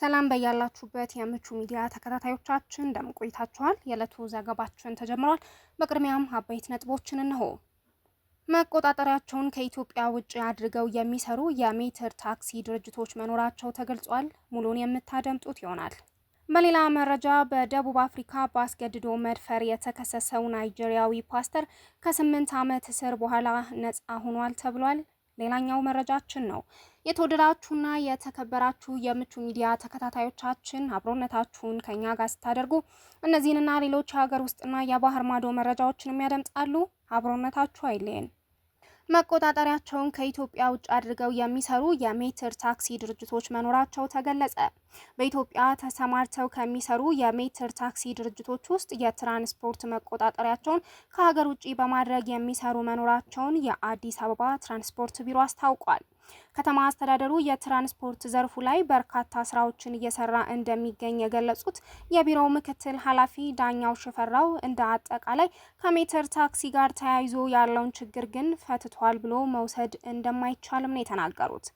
ሰላም በያላችሁበት የምቹ ሚዲያ ተከታታዮቻችን እንደምን ቆይታችኋል? የዕለቱ ዘገባችን ተጀምሯል። በቅድሚያም አበይት ነጥቦችን እነሆ። መቆጣጠሪያቸውን ከኢትዮጵያ ውጭ አድርገው የሚሰሩ የሜትር ታክሲ ድርጅቶች መኖራቸው ተገልጿል። ሙሉን የምታደምጡት ይሆናል። በሌላ መረጃ በደቡብ አፍሪካ በአስገድዶ መድፈር የተከሰሰው ናይጄሪያዊ ፓስተር ከስምንት ዓመት እስር በኋላ ነጻ ሆኗል ተብሏል። ሌላኛው መረጃችን ነው። የተወደዳችሁና የተከበራችሁ የምቹ ሚዲያ ተከታታዮቻችን አብሮነታችሁን ከኛ ጋር ስታደርጉ እነዚህንና ሌሎች የሀገር ውስጥና የባህር ማዶ መረጃዎችን የሚያደምጣሉ። አብሮነታችሁ አይለየን። መቆጣጠሪያቸውን ከኢትዮጵያ ውጭ አድርገው የሚሰሩ የሜትር ታክሲ ድርጅቶች መኖራቸው ተገለጸ። በኢትዮጵያ ተሰማርተው ከሚሰሩ የሜትር ታክሲ ድርጅቶች ውስጥ የትራንስፖርት መቆጣጠሪያቸውን ከሀገር ውጭ በማድረግ የሚሰሩ መኖራቸውን የአዲስ አበባ ትራንስፖርት ቢሮ አስታውቋል። ከተማ አስተዳደሩ የትራንስፖርት ዘርፉ ላይ በርካታ ስራዎችን እየሰራ እንደሚገኝ የገለጹት የቢሮው ምክትል ኃላፊ ዳኛው ሽፈራው እንደ አጠቃላይ ከሜትር ታክሲ ጋር ተያይዞ ያለውን ችግር ግን ፈትቷል ብሎ መውሰድ እንደማይቻልም ነው የተናገሩት።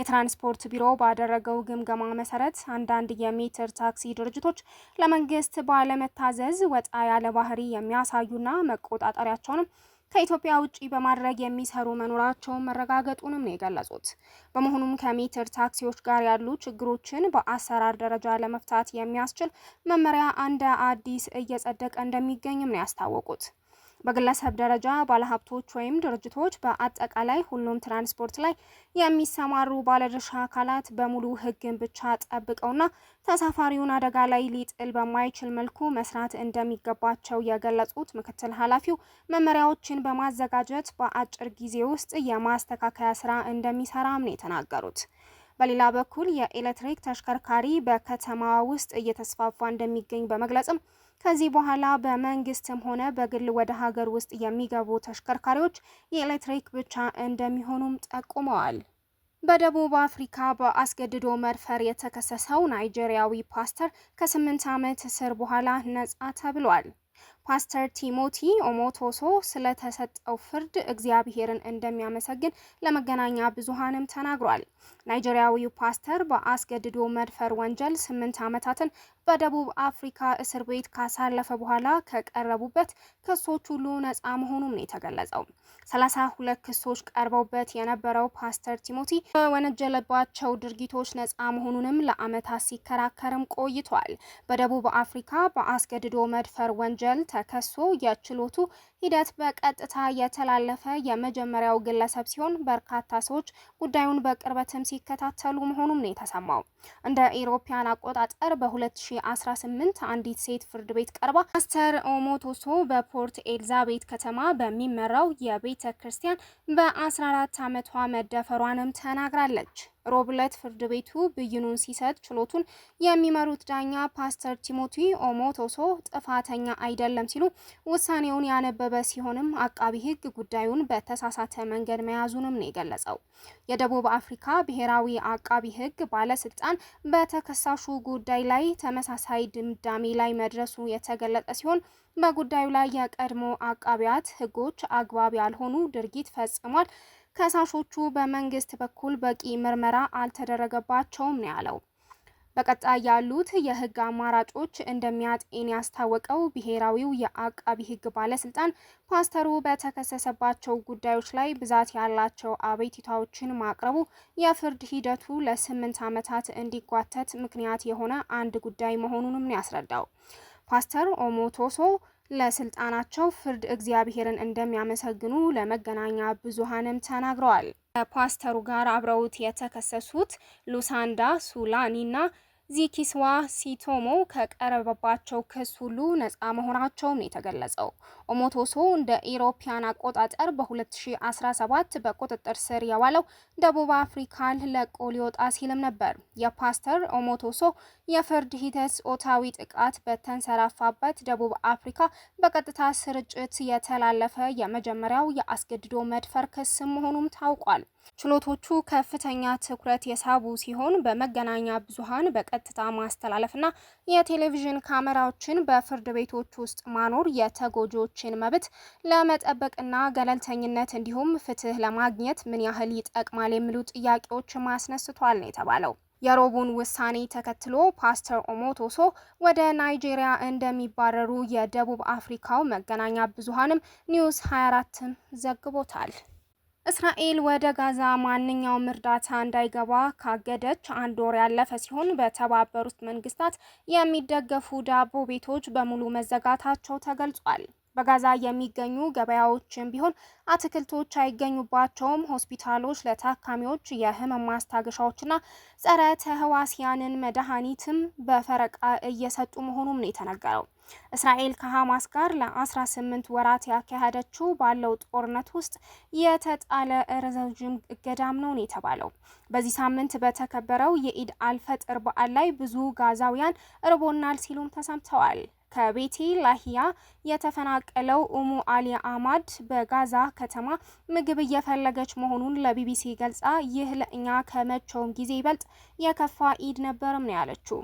የትራንስፖርት ቢሮ ባደረገው ግምገማ መሰረት አንዳንድ የሜትር ታክሲ ድርጅቶች ለመንግስት ባለመታዘዝ ወጣ ያለ ባህሪ የሚያሳዩና መቆጣጠሪያቸውንም ከኢትዮጵያ ውጪ በማድረግ የሚሰሩ መኖራቸውን መረጋገጡንም ነው የገለጹት። በመሆኑም ከሜትር ታክሲዎች ጋር ያሉ ችግሮችን በአሰራር ደረጃ ለመፍታት የሚያስችል መመሪያ እንደ አዲስ እየጸደቀ እንደሚገኝም ነው ያስታወቁት። በግለሰብ ደረጃ ባለሀብቶች ወይም ድርጅቶች፣ በአጠቃላይ ሁሉም ትራንስፖርት ላይ የሚሰማሩ ባለድርሻ አካላት በሙሉ ህግን ብቻ ጠብቀውና ተሳፋሪውን አደጋ ላይ ሊጥል በማይችል መልኩ መስራት እንደሚገባቸው የገለጹት ምክትል ኃላፊው መመሪያዎችን በማዘጋጀት በአጭር ጊዜ ውስጥ የማስተካከያ ስራ እንደሚሰራም ነው የተናገሩት። በሌላ በኩል የኤሌክትሪክ ተሽከርካሪ በከተማ ውስጥ እየተስፋፋ እንደሚገኝ በመግለጽም ከዚህ በኋላ በመንግስትም ሆነ በግል ወደ ሀገር ውስጥ የሚገቡ ተሽከርካሪዎች የኤሌክትሪክ ብቻ እንደሚሆኑም ጠቁመዋል። በደቡብ አፍሪካ በአስገድዶ መድፈር የተከሰሰው ናይጄሪያዊ ፓስተር ከስምንት ዓመት እስር በኋላ ነጻ ተብሏል። ፓስተር ቲሞቲ ኦሞቶሶ ስለተሰጠው ፍርድ እግዚአብሔርን እንደሚያመሰግን ለመገናኛ ብዙሃንም ተናግሯል። ናይጄሪያዊው ፓስተር በአስገድዶ መድፈር ወንጀል ስምንት ዓመታትን በደቡብ አፍሪካ እስር ቤት ካሳለፈ በኋላ ከቀረቡበት ክሶች ሁሉ ነፃ መሆኑም ነው የተገለጸው። ሰላሳ ሁለት ክሶች ቀርበውበት የነበረው ፓስተር ቲሞቲ በወነጀለባቸው ድርጊቶች ነፃ መሆኑንም ለአመታት ሲከራከርም ቆይቷል። በደቡብ አፍሪካ በአስገድዶ መድፈር ወንጀል ተከሶ የችሎቱ ሂደት በቀጥታ የተላለፈ የመጀመሪያው ግለሰብ ሲሆን በርካታ ሰዎች ጉዳዩን በቅርበትም ሲከታተሉ መሆኑም ነው የተሰማው። እንደ ኢሮፓያን አቆጣጠር በ2018 አንዲት ሴት ፍርድ ቤት ቀርባ ማስተር ኦሞቶሶ በፖርት ኤልዛቤት ከተማ በሚመራው የቤተ ክርስቲያን በ14 ዓመቷ መደፈሯንም ተናግራለች። ሮብ ዕለት ፍርድ ቤቱ ብይኑን ሲሰጥ ችሎቱን የሚመሩት ዳኛ ፓስተር ቲሞቲ ኦሞቶሶ ጥፋተኛ አይደለም ሲሉ ውሳኔውን ያነበበ ሲሆንም አቃቢ ሕግ ጉዳዩን በተሳሳተ መንገድ መያዙንም ነው የገለጸው። የደቡብ አፍሪካ ብሔራዊ አቃቢ ሕግ ባለስልጣን በተከሳሹ ጉዳይ ላይ ተመሳሳይ ድምዳሜ ላይ መድረሱ የተገለጸ ሲሆን በጉዳዩ ላይ የቀድሞ አቃቢያት ሕጎች አግባብ ያልሆኑ ድርጊት ፈጽሟል ከሳሾቹ በመንግስት በኩል በቂ ምርመራ አልተደረገባቸውም ነው ያለው። በቀጣይ ያሉት የህግ አማራጮች እንደሚያጤን ያስታወቀው ብሔራዊው የአቃቢ ህግ ባለስልጣን ፓስተሩ በተከሰሰባቸው ጉዳዮች ላይ ብዛት ያላቸው አቤቱታዎችን ማቅረቡ የፍርድ ሂደቱ ለስምንት ዓመታት እንዲጓተት ምክንያት የሆነ አንድ ጉዳይ መሆኑንም ያስረዳው። ፓስተር ኦሞቶሶ ለስልጣናቸው ፍርድ እግዚአብሔርን እንደሚያመሰግኑ ለመገናኛ ብዙሃንም ተናግረዋል። ከፓስተሩ ጋር አብረውት የተከሰሱት ሉሳንዳ ሱላኒ ዚኪስዋ ሲቶሞ ከቀረበባቸው ክስ ሁሉ ነፃ መሆናቸውም ነው የተገለጸው። ኦሞቶሶ እንደ ኢሮፒያን አቆጣጠር በ2017 በቁጥጥር ስር የዋለው ደቡብ አፍሪካን ለቆ ሊወጣ ሲልም ነበር። የፓስተር ኦሞቶሶ የፍርድ ሂደት ጾታዊ ጥቃት በተንሰራፋበት ደቡብ አፍሪካ በቀጥታ ስርጭት የተላለፈ የመጀመሪያው የአስገድዶ መድፈር ክስ መሆኑም ታውቋል። ችሎቶቹ ከፍተኛ ትኩረት የሳቡ ሲሆን በመገናኛ ብዙሃን በቀጥታ ማስተላለፍና የቴሌቪዥን ካሜራዎችን በፍርድ ቤቶች ውስጥ ማኖር የተጎጂዎችን መብት ለመጠበቅና ገለልተኝነት እንዲሁም ፍትህ ለማግኘት ምን ያህል ይጠቅማል የሚሉ ጥያቄዎች ማስነስቷል ነው የተባለው። የሮቡን ውሳኔ ተከትሎ ፓስተር ኦሞቶሶ ወደ ናይጄሪያ እንደሚባረሩ የደቡብ አፍሪካው መገናኛ ብዙኃንም ኒውስ 24ም ዘግቦታል። እስራኤል ወደ ጋዛ ማንኛውም እርዳታ እንዳይገባ ካገደች አንድ ወር ያለፈ ሲሆን በተባበሩት መንግስታት የሚደገፉ ዳቦ ቤቶች በሙሉ መዘጋታቸው ተገልጿል። በጋዛ የሚገኙ ገበያዎችም ቢሆን አትክልቶች አይገኙባቸውም። ሆስፒታሎች ለታካሚዎች የህመም ማስታገሻዎችና ጸረ ተህዋሲያንን መድኃኒትም በፈረቃ እየሰጡ መሆኑም ነው የተነገረው። እስራኤል ከሐማስ ጋር ለ18 ወራት ያካሄደችው ባለው ጦርነት ውስጥ የተጣለ ረዥም እገዳም ነው የተባለው። በዚህ ሳምንት በተከበረው የኢድ አልፈጥር በዓል ላይ ብዙ ጋዛውያን እርቦናል ሲሉም ተሰምተዋል። ከቤቴ ላሂያ የተፈናቀለው ኡሙ አሊ አማድ በጋዛ ከተማ ምግብ እየፈለገች መሆኑን ለቢቢሲ ገልጻ ይህ ለእኛ ከመቼውም ጊዜ ይበልጥ የከፋ ኢድ ነበርም ነው ያለችው።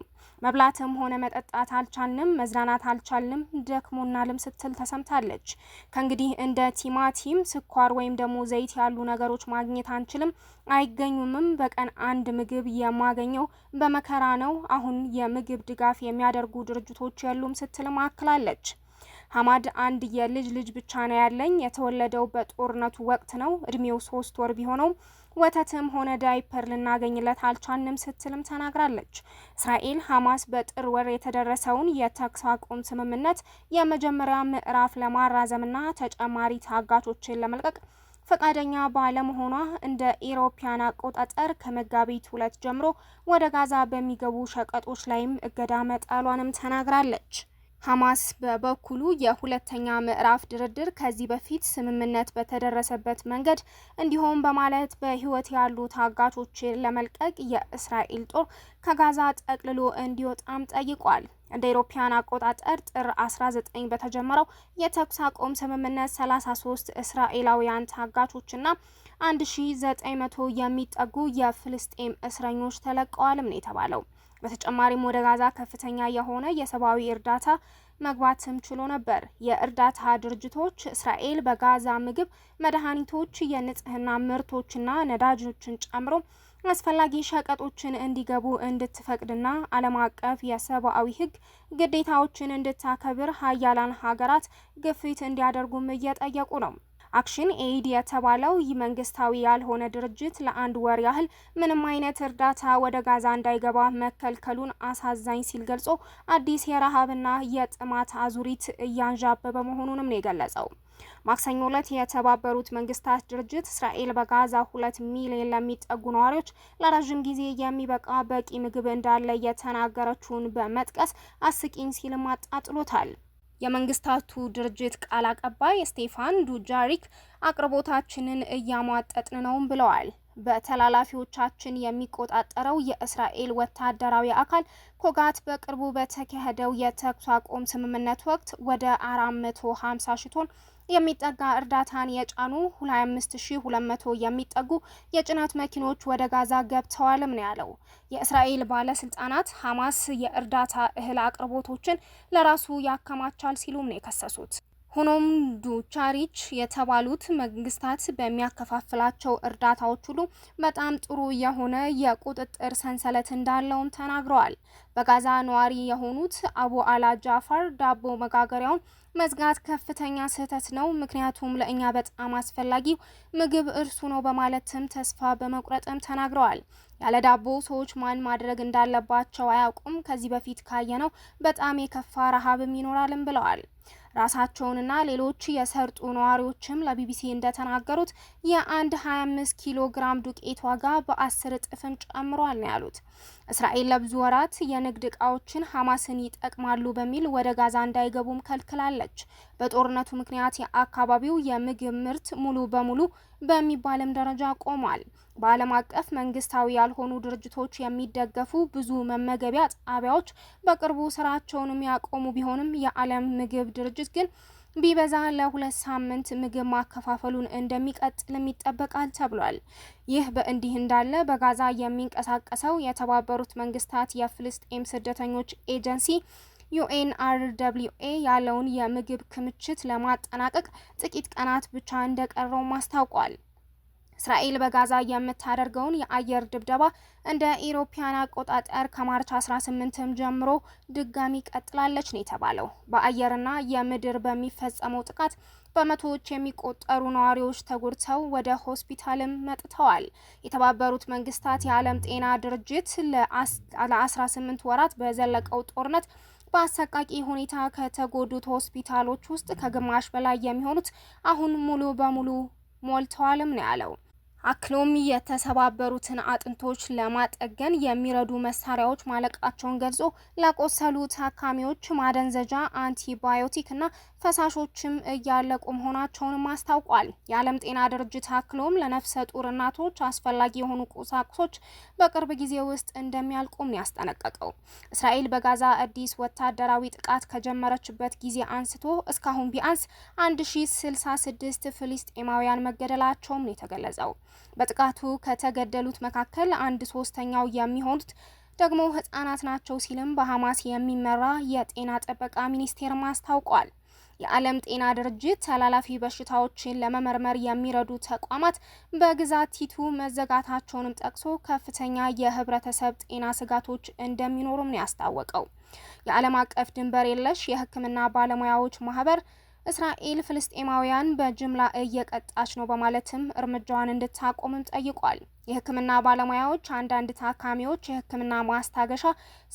መብላትም ሆነ መጠጣት አልቻልንም፣ መዝናናት አልቻልንም፣ ደክሞናልም ስትል ተሰምታለች። ከእንግዲህ እንደ ቲማቲም፣ ስኳር ወይም ደግሞ ዘይት ያሉ ነገሮች ማግኘት አንችልም፣ አይገኙምም። በቀን አንድ ምግብ የማገኘው በመከራ ነው። አሁን የምግብ ድጋፍ የሚያደርጉ ድርጅቶች የሉም ስትልም አክላለች። ሀማድ አንድ የልጅ ልጅ ብቻ ነው ያለኝ። የተወለደው በጦርነቱ ወቅት ነው። እድሜው ሶስት ወር ቢሆነው ወተትም ሆነ ዳይፐር ልናገኝለት አልቻንም ስትልም ተናግራለች። እስራኤል ሀማስ በጥር ወር የተደረሰውን የተኩስ አቁም ስምምነት የመጀመሪያ ምዕራፍ ለማራዘምና ተጨማሪ ታጋቾችን ለመልቀቅ ፈቃደኛ ባለመሆኗ እንደ ኢሮፓያን አቆጣጠር ከመጋቢት ሁለት ጀምሮ ወደ ጋዛ በሚገቡ ሸቀጦች ላይም እገዳ መጣሏንም ተናግራለች። ሐማስ በበኩሉ የሁለተኛ ምዕራፍ ድርድር ከዚህ በፊት ስምምነት በተደረሰበት መንገድ እንዲሁም በማለት በሕይወት ያሉ ታጋቾችን ለመልቀቅ የእስራኤል ጦር ከጋዛ ጠቅልሎ እንዲወጣም ጠይቋል። እንደ አውሮፓውያን አቆጣጠር ጥር 19 በተጀመረው የተኩስ አቁም ስምምነት 33 እስራኤላውያን ታጋቾችና 1900 የሚጠጉ የፍልስጤም እስረኞች ተለቀዋልም ነው የተባለው። በተጨማሪም ወደ ጋዛ ከፍተኛ የሆነ የሰብአዊ እርዳታ መግባትም ችሎ ነበር። የእርዳታ ድርጅቶች እስራኤል በጋዛ ምግብ፣ መድኃኒቶች፣ የንጽህና ምርቶችና ነዳጆችን ጨምሮ አስፈላጊ ሸቀጦችን እንዲገቡ እንድትፈቅድና ዓለም አቀፍ የሰብአዊ ሕግ ግዴታዎችን እንድታከብር ሀያላን ሀገራት ግፊት እንዲያደርጉም እየጠየቁ ነው። አክሽን ኤይድ የተባለው ይህ መንግስታዊ ያልሆነ ድርጅት ለአንድ ወር ያህል ምንም አይነት እርዳታ ወደ ጋዛ እንዳይገባ መከልከሉን አሳዛኝ ሲል ገልጾ አዲስ የረሃብና የጥማት አዙሪት እያንዣበበ መሆኑንም ነው የገለጸው። ማክሰኞ ዕለት የተባበሩት መንግስታት ድርጅት እስራኤል በጋዛ ሁለት ሚሊዮን ለሚጠጉ ነዋሪዎች ለረዥም ጊዜ የሚበቃ በቂ ምግብ እንዳለ የተናገረችውን በመጥቀስ አስቂኝ ሲልም አጣጥሎታል። የመንግስታቱ ድርጅት ቃል አቀባይ ስቴፋን ዱጃሪክ አቅርቦታችንን እያሟጠጥን ነውም ብለዋል። በተላላፊዎቻችን የሚቆጣጠረው የእስራኤል ወታደራዊ አካል ኮጋት በቅርቡ በተካሄደው የተኩስ አቁም ስምምነት ወቅት ወደ 450 ሺህ የሚጠጋ እርዳታን የጫኑ 25200 የሚጠጉ የጭነት መኪኖች ወደ ጋዛ ገብተዋልም ነው ያለው። የእስራኤል ባለስልጣናት ሐማስ የእርዳታ እህል አቅርቦቶችን ለራሱ ያከማቻል ሲሉም ነው የከሰሱት። ሆኖም ዱቻሪች የተባሉት መንግስታት በሚያከፋፍላቸው እርዳታዎች ሁሉ በጣም ጥሩ የሆነ የቁጥጥር ሰንሰለት እንዳለውም ተናግረዋል። በጋዛ ነዋሪ የሆኑት አቡ አላ ጃፋር ዳቦ መጋገሪያውን መዝጋት ከፍተኛ ስህተት ነው፣ ምክንያቱም ለእኛ በጣም አስፈላጊው ምግብ እርሱ ነው በማለትም ተስፋ በመቁረጥም ተናግረዋል። ያለ ዳቦ ሰዎች ማን ማድረግ እንዳለባቸው አያውቁም። ከዚህ በፊት ካየነው በጣም የከፋ ረሃብም ይኖራልም ብለዋል። ራሳቸውንና ሌሎች የሰርጡ ነዋሪዎችም ለቢቢሲ እንደተናገሩት የአንድ 25 ኪሎ ግራም ዱቄት ዋጋ በአስር እጥፍም ጨምሯል ነው ያሉት። እስራኤል ለብዙ ወራት የንግድ ዕቃዎችን ሐማስን ይጠቅማሉ በሚል ወደ ጋዛ እንዳይገቡም ከልክላለች። በጦርነቱ ምክንያት የአካባቢው የምግብ ምርት ሙሉ በሙሉ በሚባልም ደረጃ ቆሟል። በዓለም አቀፍ መንግስታዊ ያልሆኑ ድርጅቶች የሚደገፉ ብዙ መመገቢያ ጣቢያዎች በቅርቡ ስራቸውንም ያቆሙ ቢሆንም የዓለም ምግብ ድርጅት ግን ቢበዛ ለሁለት ሳምንት ምግብ ማከፋፈሉን እንደሚቀጥልም ይጠበቃል ተብሏል። ይህ በእንዲህ እንዳለ በጋዛ የሚንቀሳቀሰው የተባበሩት መንግስታት የፍልስጤም ስደተኞች ኤጀንሲ ዩኤን ያለውን የምግብ ክምችት ለማጠናቀቅ ጥቂት ቀናት ብቻ እንደቀረው ማስታውቋል። እስራኤል በጋዛ የምታደርገውን የአየር ድብደባ እንደ ኢሮፓያን አቆጣጠር ከማርች 18ም ጀምሮ ድጋሚ ቀጥላለች ነው የተባለው። በአየርና የምድር በሚፈጸመው ጥቃት በመቶዎች የሚቆጠሩ ነዋሪዎች ተጎድተው ወደ ሆስፒታልም መጥተዋል። የተባበሩት መንግስታት የዓለም ጤና ድርጅት ለ18 ወራት በዘለቀው ጦርነት በአሰቃቂ ሁኔታ ከተጎዱት ሆስፒታሎች ውስጥ ከግማሽ በላይ የሚሆኑት አሁን ሙሉ በሙሉ ሞልተዋልም ነው ያለው። አክሎም የተሰባበሩትን አጥንቶች ለማጠገን የሚረዱ መሳሪያዎች ማለቃቸውን ገልጾ ለቆሰሉ ታካሚዎች ማደንዘጃ፣ አንቲባዮቲክ እና ፈሳሾችም እያለቁ መሆናቸውንም አስታውቋል። የዓለም ጤና ድርጅት አክሎም ለነፍሰ ጡር እናቶች አስፈላጊ የሆኑ ቁሳቁሶች በቅርብ ጊዜ ውስጥ እንደሚያልቁም ያስጠነቀቀው እስራኤል በጋዛ አዲስ ወታደራዊ ጥቃት ከጀመረችበት ጊዜ አንስቶ እስካሁን ቢያንስ 1066 ፍልስጤማውያን መገደላቸውም ነው የተገለጸው። በጥቃቱ ከተገደሉት መካከል አንድ ሶስተኛው የሚሆኑት ደግሞ ህጻናት ናቸው ሲልም በሐማስ የሚመራ የጤና ጥበቃ ሚኒስቴር አስታውቋል። የዓለም ጤና ድርጅት ተላላፊ በሽታዎችን ለመመርመር የሚረዱ ተቋማት በግዛቲቱ መዘጋታቸውንም ጠቅሶ ከፍተኛ የህብረተሰብ ጤና ስጋቶች እንደሚኖሩም ነው ያስታወቀው። የዓለም አቀፍ ድንበር የለሽ የህክምና ባለሙያዎች ማህበር እስራኤል ፍልስጤማውያን በጅምላ እየቀጣች ነው በማለትም እርምጃዋን እንድታቆምም ጠይቋል። የሕክምና ባለሙያዎች አንዳንድ ታካሚዎች የሕክምና ማስታገሻ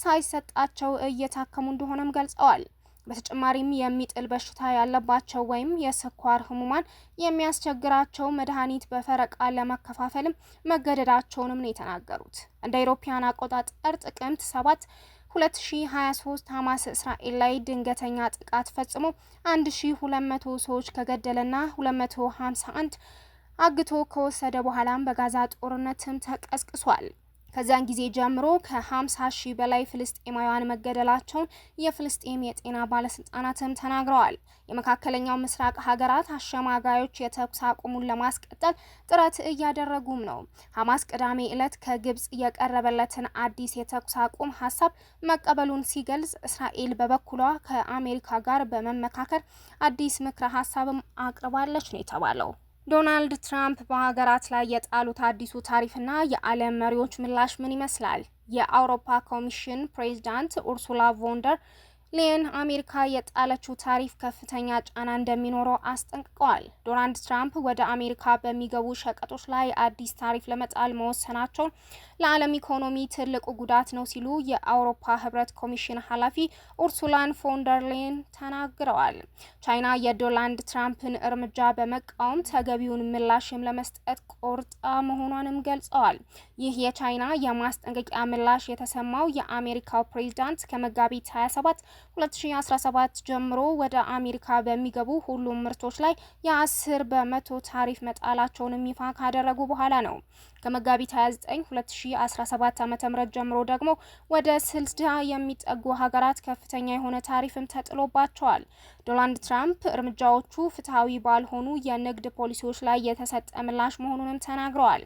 ሳይሰጣቸው እየታከሙ እንደሆነም ገልጸዋል። በተጨማሪም የሚጥል በሽታ ያለባቸው ወይም የስኳር ህሙማን የሚያስቸግራቸው መድኃኒት በፈረቃ ለመከፋፈልም መገደዳቸውንም ነው የተናገሩት። እንደ አውሮፓውያን አቆጣጠር ጥቅምት ሰባት 2023 ሐማስ እስራኤል ላይ ድንገተኛ ጥቃት ፈጽሞ 1200 ሰዎች ከገደለና 251 አግቶ ከወሰደ በኋላም በጋዛ ጦርነትም ተቀስቅሷል። ከዚያን ጊዜ ጀምሮ ከ50 ሺህ በላይ ፍልስጤማውያን መገደላቸውን የፍልስጤም የጤና ባለስልጣናትም ተናግረዋል። የመካከለኛው ምስራቅ ሀገራት አሸማጋዮች የተኩስ አቁሙን ለማስቀጠል ጥረት እያደረጉም ነው። ሐማስ ቅዳሜ ዕለት ከግብጽ የቀረበለትን አዲስ የተኩስ አቁም ሀሳብ መቀበሉን ሲገልጽ፣ እስራኤል በበኩሏ ከአሜሪካ ጋር በመመካከር አዲስ ምክረ ሀሳብም አቅርባለች ነው የተባለው። ዶናልድ ትራምፕ በሀገራት ላይ የጣሉት አዲሱ ታሪፍና የዓለም መሪዎች ምላሽ ምን ይመስላል? የአውሮፓ ኮሚሽን ፕሬዚዳንት ኡርሱላ ቮንደር ሌን አሜሪካ የጣለችው ታሪፍ ከፍተኛ ጫና እንደሚኖረው አስጠንቅቀዋል። ዶናልድ ትራምፕ ወደ አሜሪካ በሚገቡ ሸቀጦች ላይ አዲስ ታሪፍ ለመጣል መወሰናቸው ለዓለም ኢኮኖሚ ትልቁ ጉዳት ነው ሲሉ የአውሮፓ ህብረት ኮሚሽን ኃላፊ ኡርሱላን ፎንደርሌን ተናግረዋል። ቻይና የዶናልድ ትራምፕን እርምጃ በመቃወም ተገቢውን ምላሽም ለመስጠት ቆርጣ መሆኗንም ገልጸዋል። ይህ የቻይና የማስጠንቀቂያ ምላሽ የተሰማው የአሜሪካው ፕሬዚዳንት ከመጋቢት 27 2017 ጀምሮ ወደ አሜሪካ በሚገቡ ሁሉም ምርቶች ላይ የ10 በመቶ ታሪፍ መጣላቸውንም ይፋ ካደረጉ በኋላ ነው። ከመጋቢት 29 2017 ዓ.ም ጀምሮ ደግሞ ወደ 60 የሚጠጉ ሀገራት ከፍተኛ የሆነ ታሪፍም ተጥሎባቸዋል። ዶናልድ ትራምፕ እርምጃዎቹ ፍትሐዊ ባልሆኑ የንግድ ፖሊሲዎች ላይ የተሰጠ ምላሽ መሆኑንም ተናግረዋል።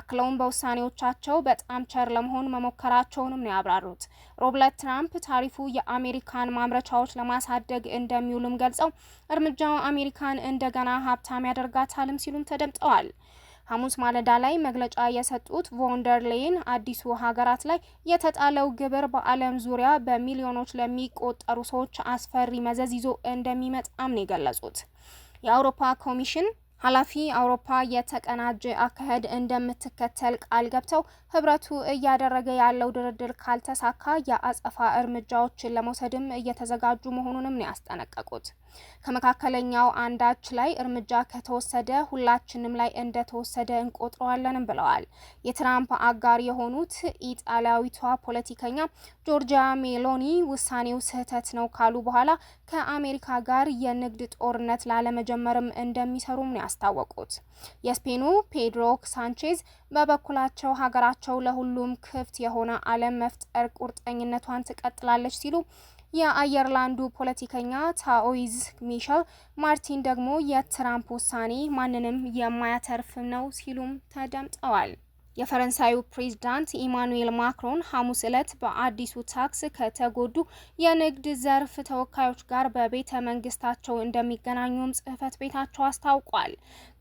አክለውም በውሳኔዎቻቸው በጣም ቸር ለመሆን መሞከራቸውንም ነው ያብራሩት። ሮብለት ትራምፕ ታሪፉ የአሜሪካን ማምረቻዎች ለማሳደግ እንደሚውልም ገልጸው እርምጃው አሜሪካን እንደገና ሀብታም ያደርጋታልም ሲሉም ተደምጠዋል። ሐሙስ ማለዳ ላይ መግለጫ የሰጡት ቮንደር ሌይን አዲሱ ሀገራት ላይ የተጣለው ግብር በዓለም ዙሪያ በሚሊዮኖች ለሚቆጠሩ ሰዎች አስፈሪ መዘዝ ይዞ እንደሚመጣም ነው የገለጹት። የአውሮፓ ኮሚሽን ኃላፊ አውሮፓ የተቀናጀ አካሄድ እንደምትከተል ቃል ገብተው ህብረቱ እያደረገ ያለው ድርድር ካልተሳካ የአጸፋ እርምጃዎችን ለመውሰድም እየተዘጋጁ መሆኑንም ነው ያስጠነቀቁት። ከመካከለኛው አንዳች ላይ እርምጃ ከተወሰደ ሁላችንም ላይ እንደተወሰደ እንቆጥረዋለንም ብለዋል። የትራምፕ አጋር የሆኑት ኢጣሊያዊቷ ፖለቲከኛ ጆርጂያ ሜሎኒ ውሳኔው ስህተት ነው ካሉ በኋላ ከአሜሪካ ጋር የንግድ ጦርነት ላለመጀመርም እንደሚሰሩም ነው ያስታወቁት። የስፔኑ ፔድሮ ሳንቼዝ በበኩላቸው ሀገራቸው ለሁሉም ክፍት የሆነ ዓለም መፍጠር ቁርጠኝነቷን ትቀጥላለች ሲሉ የአየርላንዱ ፖለቲከኛ ታኦይዝ ሚሸል ማርቲን ደግሞ የትራምፕ ውሳኔ ማንንም የማያተርፍ ነው ሲሉም ተደምጠዋል። የፈረንሳዩ ፕሬዝዳንት ኢማኑኤል ማክሮን ሐሙስ ዕለት በአዲሱ ታክስ ከተጎዱ የንግድ ዘርፍ ተወካዮች ጋር በቤተ መንግስታቸው እንደሚገናኙም ጽህፈት ቤታቸው አስታውቋል።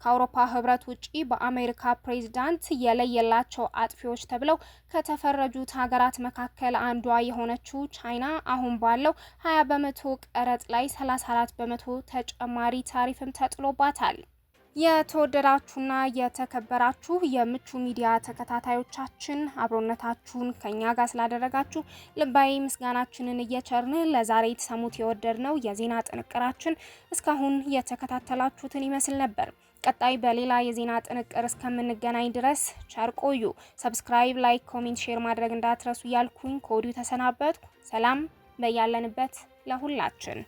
ከአውሮፓ ህብረት ውጪ በአሜሪካ ፕሬዝዳንት የለየላቸው አጥፊዎች ተብለው ከተፈረጁት ሀገራት መካከል አንዷ የሆነችው ቻይና አሁን ባለው 20 በመቶ ቀረጥ ላይ 34 በመቶ ተጨማሪ ታሪፍም ተጥሎባታል። የተወደዳችሁና የተከበራችሁ የምቹ ሚዲያ ተከታታዮቻችን አብሮነታችሁን ከኛ ጋር ስላደረጋችሁ ልባዊ ምስጋናችንን እየቸርን ለዛሬ የተሰሙት የወደድነው የዜና ጥንቅራችን እስካሁን የተከታተላችሁትን ይመስል ነበር። ቀጣይ በሌላ የዜና ጥንቅር እስከምንገናኝ ድረስ ቸር ቆዩ። ሰብስክራይብ፣ ላይክ፣ ኮሜንት፣ ሼር ማድረግ እንዳትረሱ እያልኩኝ ከወዲሁ ተሰናበትኩ። ሰላም በያለንበት ለሁላችን